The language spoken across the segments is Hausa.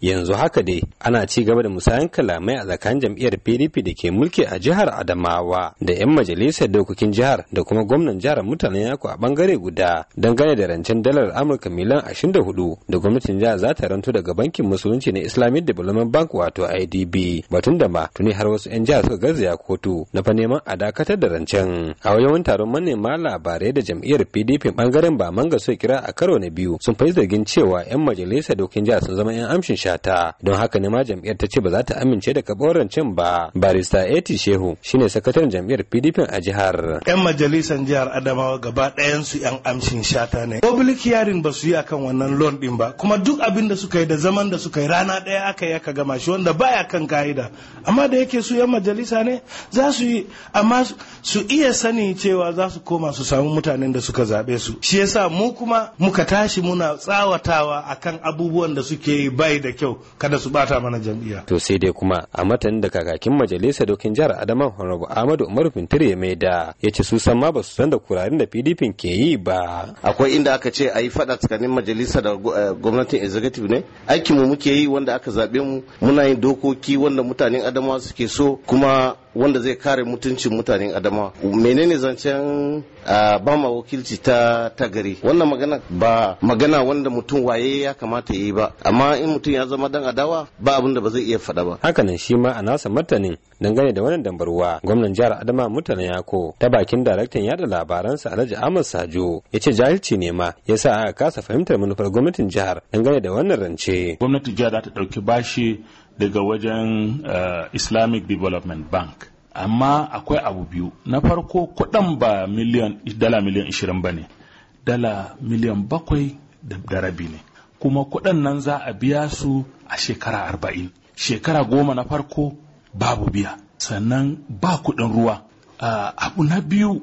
yanzu haka dai ana ci gaba da musayan kalamai a tsakanin jam'iyyar pdp da ke mulki a jihar adamawa da 'yan majalisar dokokin jihar da kuma gwamnan jihar mutanen yako a bangare guda dangane da rancen dalar amurka miliyan 24 da gwamnatin jihar za ta ranto daga bankin musulunci na islamic development bank wato idb batun da ma tuni har wasu 'yan jihar suka garzaya kotu na fa neman a dakatar da rancen a wajen taron manema labarai da jam'iyyar pdp bangaren ba manga so kira a karo na biyu sun fahimci zargin cewa 'yan majalisar dokokin jihar sun zama 'yan amshin shata don haka ne ma jam'iyyar ta ce ba za ta amince da kaborancin ba barista eti shehu shine sakataren jam'iyyar pdp a jihar yan majalisar jihar adamawa gaba ɗayan su yan amshin shata ne public hearing ba su yi akan wannan loan din ba kuma duk abin da suka yi da zaman da suka yi rana ɗaya aka yi aka gama shi wanda baya kan ka'ida amma da yake su yan majalisa ne za su yi amma su iya sani cewa za su koma su samu mutanen da suka zaɓe su shi yasa mu kuma muka tashi muna tsawatawa akan abubuwan da suke yi bai da kyau kada su bata mana jam'iyya to sai dai kuma a matanin da kakakin majalisa dokin jihar Adama Honorable Ahmadu Umar Fintiri ya mai da ya ce su san ma ba su san da kurarin da PDP ke yi ba akwai inda aka ce a yi faɗa tsakanin majalisa da eh, gwamnatin executive ne aikinmu mu muke yi wanda aka zaɓe mu muna yin dokoki wanda mutanen Adamawa suke so kuma wanda zai kare mutuncin mutanen adama menene zancen ba ma wakilci ta ta gari wannan magana ba magana wanda mutum waye ya kamata yi ba amma in mutum ya zama dan adawa ba abin da ba zai iya faɗa ba nan shi ma a nasa martanin dangane da wannan dambarwa gwamnan jihar adama mutane ko ta bakin daraktan yada labaransa alhaji ahmad sajo ya ce jahilci ne ma ya sa aka kasa fahimtar manufar gwamnatin jihar dangane da wannan rance gwamnatin jihar za ta ɗauki bashi daga wajen eh, islamic development bank amma akwai abu biyu na farko kudin ba miliyan dala miliyan 20 ba ne dala miliyan bakwai da rabi ne kuma kudin nan za a biya su a shekara arba'in shekara goma na farko babu biya sannan ba kuɗin ruwa eh, abu na biyu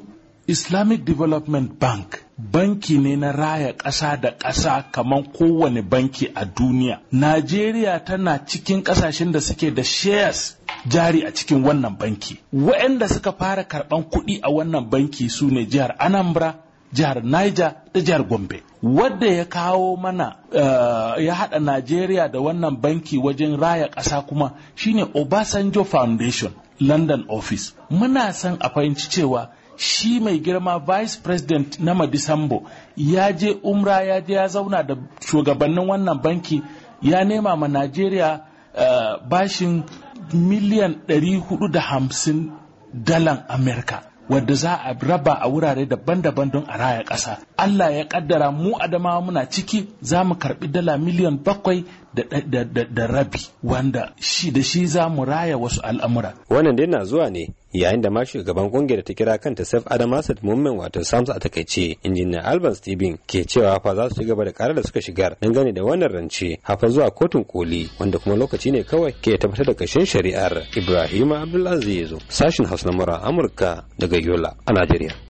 Islamic Development Bank banki ne na raya ƙasa da ƙasa kamar kowane banki a duniya. Najeriya tana cikin ƙasashen da suke da shares jari a cikin wannan banki. Waɗanda suka fara karɓan kuɗi a wannan banki su ne jihar Anambra, jihar Niger da jihar Gombe. Wadda ya kawo mana eh, ya haɗa Najeriya da wannan banki wajen raya ƙasa kuma shine Obasanjo Foundation London office. Muna son a fahimci cewa shi mai girma vice president na madisambo ya je umra ya je ya zauna da shugabannin wannan banki ya nema ma najeriya uh, bashin miliyan 450 dalan amerika wadda za a raba a wurare daban-daban don a raya ƙasa. Allah ya ƙaddara mu adama muna ciki za mu karɓi dala miliyan bakwai da rabi wanda shi da shi za mu raya wasu al'amura. Wannan dai na zuwa ne yayin da ma shugaban kungiyar ta kira kanta Sef Asad Mummen wato Sams a takaice injiniya Alban Steven ke cewa fa za su gaba da karar da suka shigar dangane da wannan rance hafa zuwa kotun koli wanda kuma lokaci ne kawai ke tabbatar da kashin shari'ar Ibrahim Abdulaziz sashin Hausa na Amurka daga Yola a Najeriya.